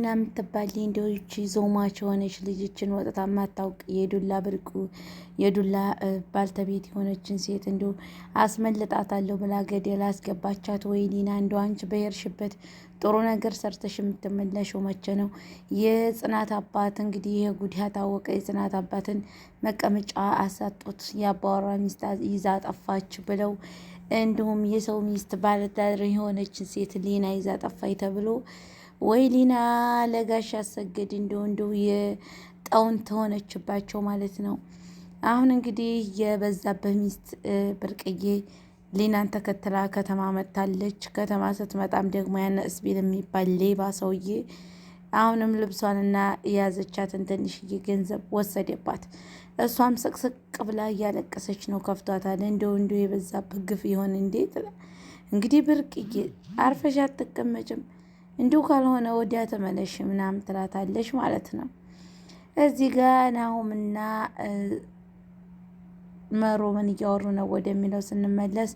ኢና የምትባል እንዲች ዞማች የሆነች ልጅችን ወጥታ ማታውቅ የዱላ ብርቁ የዱላ ባልተቤት የሆነችን ሴት እንዲሁ አስመልጣታለሁ ብላ ገደል አስገባቻት። ወይ ሊና እንዲ አንቺ በሄርሽበት ጥሩ ነገር ሰርተሽ የምትመለሽው መቼ ነው? የጽናት አባት እንግዲህ ይሄ ጉዳይ ታወቀ። የጽናት አባትን መቀመጫ አሳጡት። የአባወራ ሚስት ይዛ ጠፋች ብለው እንዲሁም የሰው ሚስት ባለዳር የሆነችን ሴት ሊና ይዛ ጠፋይ ተብሎ ወይ ሊና ለጋሽ አሰገድ እንደው እንደው የጣውንት ሆነችባቸው ማለት ነው። አሁን እንግዲህ የበዛብህ ሚስት ብርቅዬ ሊናን ተከትላ ከተማ መጥታለች። ከተማ ስትመጣም ደግሞ ያነ እስቢል የሚባል ሌባ ሰውዬ አሁንም ልብሷንና የያዘቻትን ትንሽዬ ገንዘብ ወሰደባት። እሷም ስቅስቅ ብላ እያለቀሰች ነው፣ ከፍቷታል። እንደው እንደው የበዛብህ ግፍ ይሆን እንዴት? እንግዲህ ብርቅዬ አርፈሽ አትቀመጭም እንዲሁ ካልሆነ ወዲያ ተመለሽ ምናምን ትላታለች ማለት ነው። እዚህ ጋር ናሁምና መሮ ምን እያወሩ ነው ወደሚለው ስንመለስ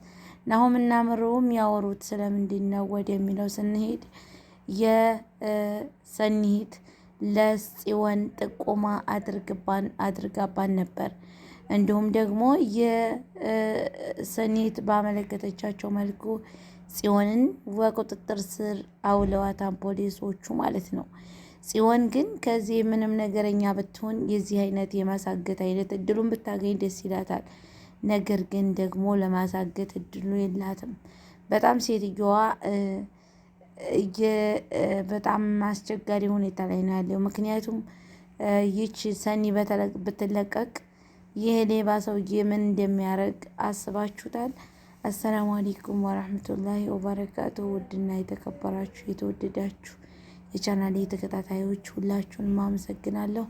ናሁምና መሮም የሚያወሩት ስለምንድን ነው ወደሚለው ስንሄድ የሰኒሂት ለጽዮን ጥቆማ አድርጋባን ነበር። እንዲሁም ደግሞ የሰኒሂት ባመለከተቻቸው መልኩ ጽዮንን በቁጥጥር ስር አውለዋታን ፖሊሶቹ ማለት ነው። ጽዮን ግን ከዚህ ምንም ነገረኛ ብትሆን የዚህ አይነት የማሳገት አይነት እድሉን ብታገኝ ደስ ይላታል። ነገር ግን ደግሞ ለማሳገት እድሉ የላትም። በጣም ሴትዮዋ በጣም አስቸጋሪ ሁኔታ ላይ ነው ያለው። ምክንያቱም ይች ሰኒ ብትለቀቅ ይህ ሌባ ሰውዬ ምን እንደሚያደርግ አስባችሁታል? አሰላሙ አሌይኩም ወራህመቱላሂ ወበረካቱ። ውድና የተከበራችሁ የተወደዳችሁ የቻናሌ ተከታታዮች ሁላችሁንም አመሰግናለሁ።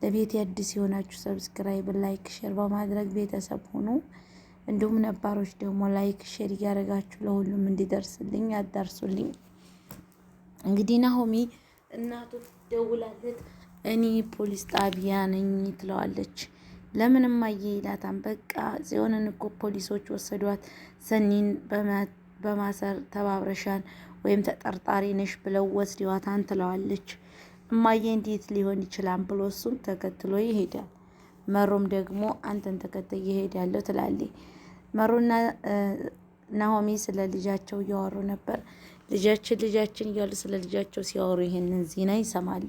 ለቤት አዲስ የሆናችሁ ሰብስክራይብ፣ ላይክ፣ ሼር በማድረግ ቤተሰብ ሁኑ። እንዲሁም ነባሮች ደግሞ ላይክ ሼር እያደረጋችሁ ለሁሉም እንዲደርስልኝ ያዳርሱልኝ። እንግዲህ ናሆሚ እናቱ ደውላለት እኔ ፖሊስ ጣቢያ ነኝ ትለዋለች። ለምንም አየ ይላታን። በቃ ጽዮንን እኮ ፖሊሶች ወሰዷት፣ ሰኒን በማሰር ተባብረሻል ወይም ተጠርጣሪ ነሽ ብለው ወስደዋታን ትለዋለች። እማዬ እንዴት ሊሆን ይችላል ብሎ እሱም ተከትሎ ይሄዳል። መሮም ደግሞ አንተን ተከትዬ እሄዳለሁ ትላለች። መሮና ናሆሚ ስለ ልጃቸው እያወሩ ነበር። ልጃችን ልጃችን እያሉ ስለ ልጃቸው ሲያወሩ ይህንን ዜና ይሰማሉ።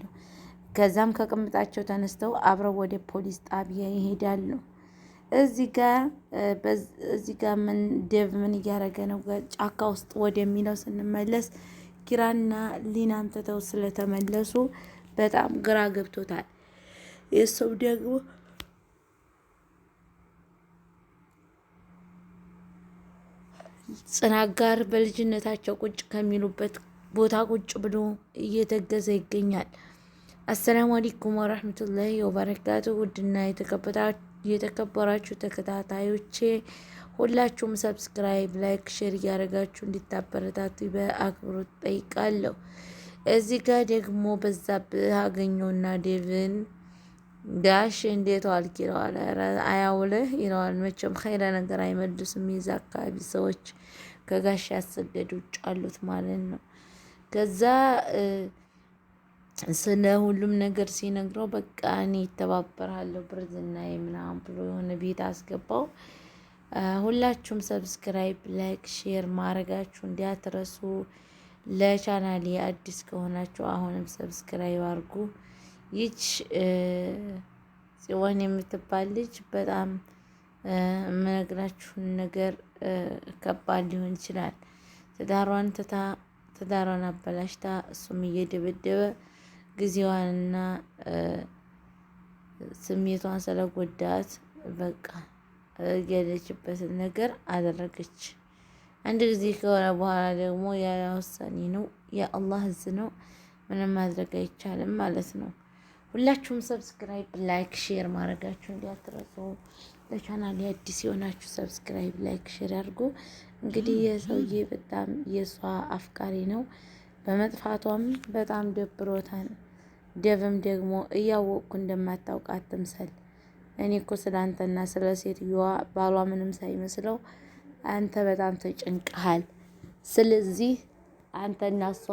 ከዛም ከቅምጣቸው ተነስተው አብረው ወደ ፖሊስ ጣቢያ ይሄዳሉ። እዚህ ጋ ምን ደቭ ምን እያደረገ ነው ጫካ ውስጥ ወደሚለው ስንመለስ ኪራና ሊናም ትተው ስለተመለሱ በጣም ግራ ገብቶታል። የሰው ደግሞ ጽናት ጋር በልጅነታቸው ቁጭ ከሚሉበት ቦታ ቁጭ ብሎ እየተገዘ ይገኛል። አሰላሙ አለይኩም ወራህመቱላሂ ወበረካቱ። ውድና የተከበራችሁ ተከታታዮቼ ሁላችሁም ሰብስክራይብ፣ ላይክ፣ ሼር እያደረጋችሁ እንዲታበረታቱ በአክብሮት ጠይቃለሁ። እዚህ ጋር ደግሞ በዛብህ አገኘውና ዴቭን ጋሽ እንዴት ዋልክ ይለዋል። አያውልህ ይለዋል። መቼም ኸይረ ነገር አይመልሱም የዛ አካባቢ ሰዎች ከጋሽ ያሰገድ ውጭ አሉት ማለት ነው። ከዛ ስለ ሁሉም ነገር ሲነግረው በቃ እኔ ይተባበራለሁ ብርዝና ምናምን ብሎ የሆነ ቤት አስገባው። ሁላችሁም ሰብስክራይብ፣ ላይክ፣ ሼር ማድረጋችሁ እንዲያትረሱ። ለቻናሌ አዲስ ከሆናችሁ አሁንም ሰብስክራይብ አድርጉ። ይች ጽዮን የምትባል ልጅ በጣም የምነግራችሁን ነገር ከባድ ሊሆን ይችላል። ትዳሯን ትታ ትዳሯን አበላሽታ እሱም እየደበደበ ጊዜዋንና ስሜቷን ስለጎዳት በቃ ያለችበትን ነገር አደረገች። አንድ ጊዜ ከሆነ በኋላ ደግሞ ያለ ውሳኔ ነው፣ የአላህ እዝ ነው። ምንም ማድረግ አይቻልም ማለት ነው። ሁላችሁም ሰብስክራይብ፣ ላይክ፣ ሼር ማድረጋችሁ እንዲያትረሱ። ለቻናል አዲስ የሆናችሁ ሰብስክራይብ፣ ላይክ፣ ሼር አድርጉ። እንግዲህ የሰውዬ በጣም የእሷ አፍቃሪ ነው። በመጥፋቷም በጣም ደብሮታል። ደብም ደግሞ እያወቅኩ እንደማታውቅ አትምሰል። እኔ እኮ ስለ አንተና ስለ ሴትዮዋ ባሏ ምንም ሳይመስለው አንተ በጣም ተጨንቀሃል። ስለዚህ አንተና እሷ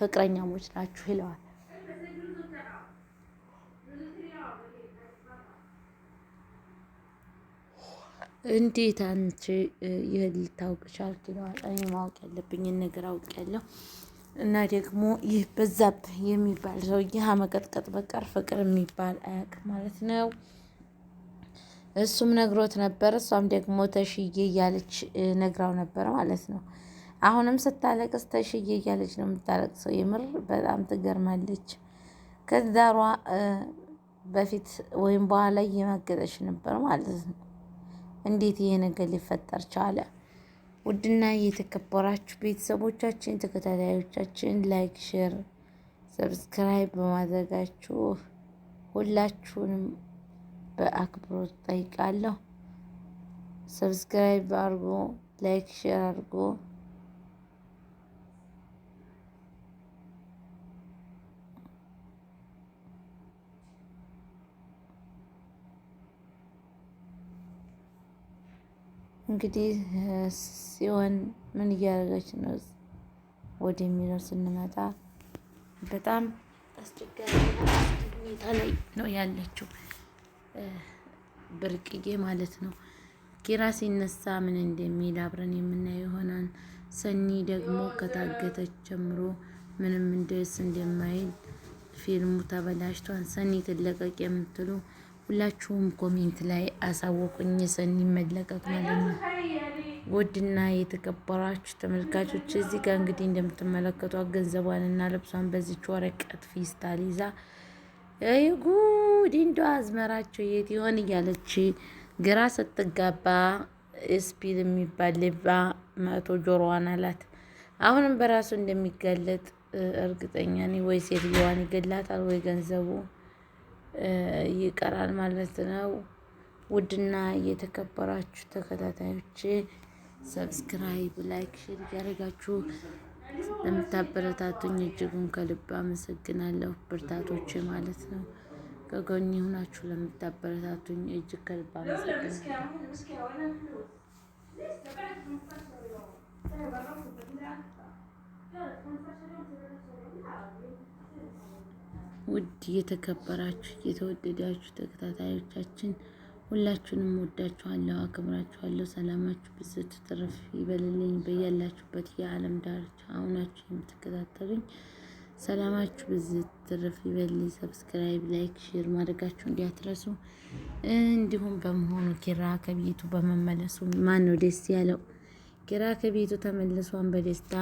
ፍቅረኛሞች ናችሁ ይለዋል። እንዴት አንቺ ይህን ልታውቅ ቻልክ? ይለዋል። እኔ ማወቅ ያለብኝን ነገር አውቅ ያለሁ እና ደግሞ ይህ በዛብህ የሚባል ሰውዬ አመቀጥቀጥ በቀር ፍቅር የሚባል አያውቅም ማለት ነው። እሱም ነግሮት ነበር፣ እሷም ደግሞ ተሽዬ እያለች ነግራው ነበር ማለት ነው። አሁንም ስታለቅስ ተሽዬ እያለች ነው የምታለቅሰው። የምር በጣም ትገርማለች። ከዛሯ በፊት ወይም በኋላ እየማገጠች ነበር ማለት ነው። እንዴት ይሄ ነገር ሊፈጠር ቻለ? ውድና የተከበራችሁ ቤተሰቦቻችን ተከታታዮቻችን፣ ላይክ፣ ሼር፣ ሰብስክራይብ በማድረጋችሁ ሁላችሁንም በአክብሮት ጠይቃለሁ። ሰብስክራይብ አድርጎ ላይክ ሼር አድርጎ እንግዲህ ሲሆን ምን እያደረገች ነው ወደሚለው ስንመጣ በጣም አስቸጋሪ ሁኔታ ላይ ነው ያለችው ብርቅዬ ማለት ነው። ኪራ ሲነሳ ምን እንደሚል አብረን የምናየው ይሆናል። ሰኒ ደግሞ ከታገተች ጀምሮ ምንም እንደስ እንደማይል ፊልሙ ተበላሽቷል። ሰኒ ትለቀቅ የምትሉ ሁላችሁም ኮሜንት ላይ አሳወቁኝ ሰኒ መለቀቅ ማለት ነው። ውድና የተከበራችሁ ተመልካቾች እዚህ ጋር እንግዲህ እንደምትመለከቷ ገንዘቧን እና ልብሷን በዚች ወረቀት ፌስታል ይዛ ጉድ እንዶ አዝመራቸው የት ይሆን እያለች ግራ ስትጋባ ስፒል የሚባል ልባ መቶ ጆሮዋን አላት። አሁንም በራሱ እንደሚገለጥ እርግጠኛ ነኝ። ወይ ሴትየዋን ይገላታል ወይ ገንዘቡ ይቀራል ማለት ነው። ውድና እየተከበራችሁ ተከታታዮች ሰብስክራይብ፣ ላይክ፣ ሼር እያደረጋችሁ ለምታበረታቱኝ እጅጉን ከልብ አመሰግናለሁ። ብርታቶች ማለት ነው። ከጎኝ ሆናችሁ ለምታበረታቱኝ እጅግ ከልብ አመሰግናለሁ። ውድ የተከበራችሁ የተወደዳችሁ ተከታታዮቻችን ሁላችሁንም ወዳችኋለሁ፣ አክብራችኋለሁ። ሰላማችሁ ብዝት ትርፍ ይበልልኝ። በያላችሁበት የዓለም ዳርቻ አሁናችሁ የምትከታተሉኝ ሰላማችሁ ብዝት ትርፍ ይበልልኝ። ሰብስክራይብ፣ ላይክ፣ ሼር ማድረጋችሁ እንዲያትረሱ። እንዲሁም በመሆኑ ኪራ ከቤቱ በመመለሱ ማን ነው ደስ ያለው? ኪራ ከቤቱ ተመልሷን በደስታ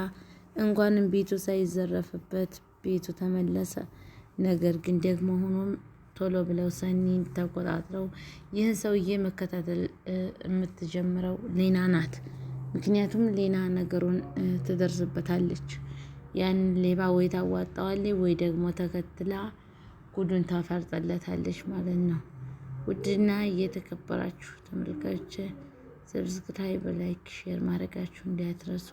እንኳንም ቤቱ ሳይዘረፍበት ቤቱ ተመለሰ። ነገር ግን ደግሞ ሆኖም ቶሎ ብለው ሰኒን ተቆጣጥረው ይህን ሰውዬ መከታተል የምትጀምረው ሌና ናት። ምክንያቱም ሌና ነገሩን ትደርስበታለች። ያን ሌባ ወይ ታዋጣዋለች ወይ ደግሞ ተከትላ ጉዱን ታፈርጠለታለች ማለት ነው። ውድና እየተከበራችሁ ተመልካቾች ሰብስክራይብ፣ ላይክ፣ ሼር ማድረጋችሁ እንዳትረሱ።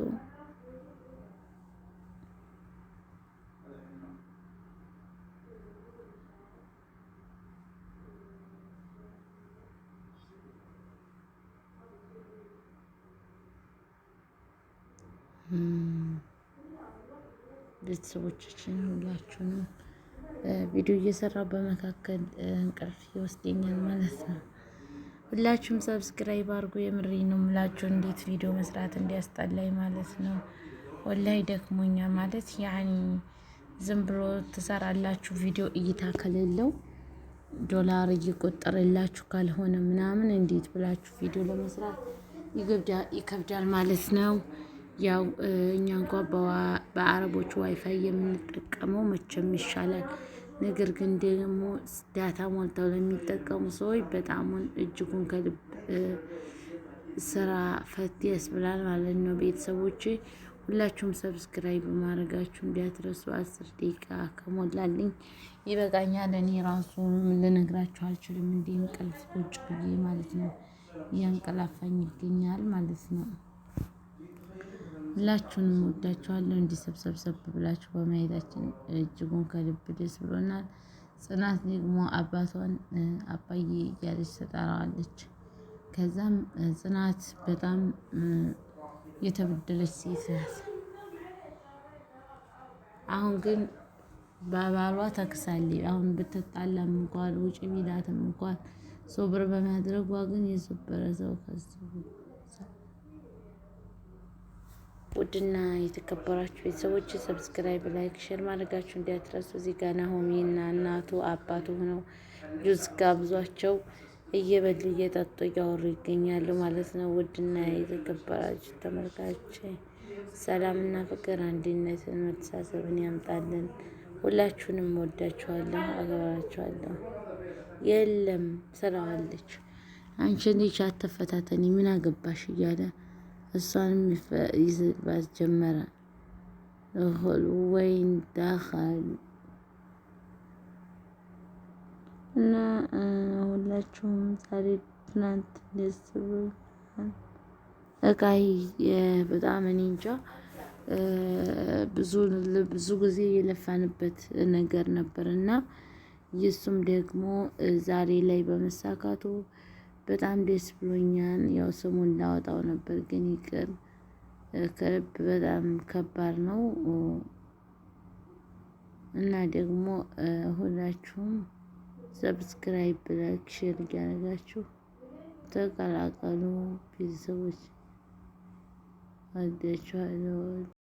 ቤተሰቦቻችን ሁላችሁንም ቪዲዮ እየሰራው በመካከል እንቅልፍ ይወስደኛል ማለት ነው። ሁላችሁም ሰብስክራይብ አድርጎ የምሬ ነው የምላችሁ። እንዴት ቪዲዮ መስራት እንዲያስጠላኝ ማለት ነው። ወላይ ደክሞኛ ማለት ያኒ ዝም ብሎ ትሰራላችሁ ቪዲዮ እይታ ከሌለው ዶላር እየቆጠረላችሁ ካልሆነ ምናምን እንዴት ብላችሁ ቪዲዮ ለመስራት ይከብዳል ማለት ነው። ያው እኛ እንኳ በአረቦች ዋይፋይ የምንጠቀመው መቼም ይሻላል። ነገር ግን ደግሞ ዳታ ሞልተው ለሚጠቀሙ ሰዎች በጣሙን እጅጉን ከልብ ስራ ፈት ያስብላል ማለት ነው። ቤተሰቦች ሁላችሁም ሰብስክራይብ ማድረጋችሁ እንዲያትረሱ አስር ደቂቃ ከሞላልኝ ይበቃኛል። እኔ ራሱ ልነግራችሁ አልችልም። እንዲህ እንቅልፍ ቁጭ ብዬ ማለት ነው እያንቀላፋኝ ይገኛል ማለት ነው። ሁላችሁንም ወዳችኋለሁ። እንዲህ ሰብሰብሰብ ብላችሁ በማየታችን እጅጉን ከልብ ደስ ብሎናል። ጽናት ደግሞ አባቷን አባዬ እያለች ተጠራዋለች። ከዛም ጽናት በጣም የተበደለች ሴት ናት። አሁን ግን በባሏ ተክሳሌ አሁን ብትጣላም እንኳን ውጭ ቢላትም እንኳን ሶብር በማድረጓ ግን የሶበረ ሰው ከሱ ውድና የተከበራችሁ ቤተሰቦች ሰብስክራይብ፣ ላይክ፣ ሼር ማድረጋችሁ እንዲያትረሱ። እዚህ ጋ ናሆሚ እና እናቱ አባቱ ሆነው ጁስ ጋብዟቸው እየበሉ እየጠጡ እያወሩ ይገኛሉ ማለት ነው። ውድና የተከበራችሁ ተመልካች ሰላምና ፍቅር አንድነትን መተሳሰብን ያምጣልን። ሁላችሁንም ወዳችኋለሁ፣ አገባችኋለሁ። የለም ስራዋለች አንቺን ልጅ አተፈታተኒ ምን አገባሽ እያለ እሷንም ይስቅባት ጀመረ። ወይን ዳኻል እና ሁላችሁም ዛሬ ትናንት ደስ እቃ በጣም እኔ እንጃ ብዙ ብዙ ጊዜ የለፋንበት ነገር ነበር እና ደግሞ ዛሬ ላይ በመሳካቱ በጣም ደስ ብሎኛል። ያው ስሙን ላወጣው ነበር ግን ይቅር ከልብ በጣም ከባድ ነው እና ደግሞ ሁላችሁም ሰብስክራይብ፣ ላይክ፣ ሼር እያደረጋችሁ ተቀላቀሉ ቤተሰቦች። ወዳችኋለሁ።